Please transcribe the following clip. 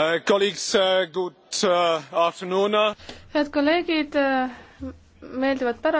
Uh, uh, uh, head kolleegid, meeldivat pärast.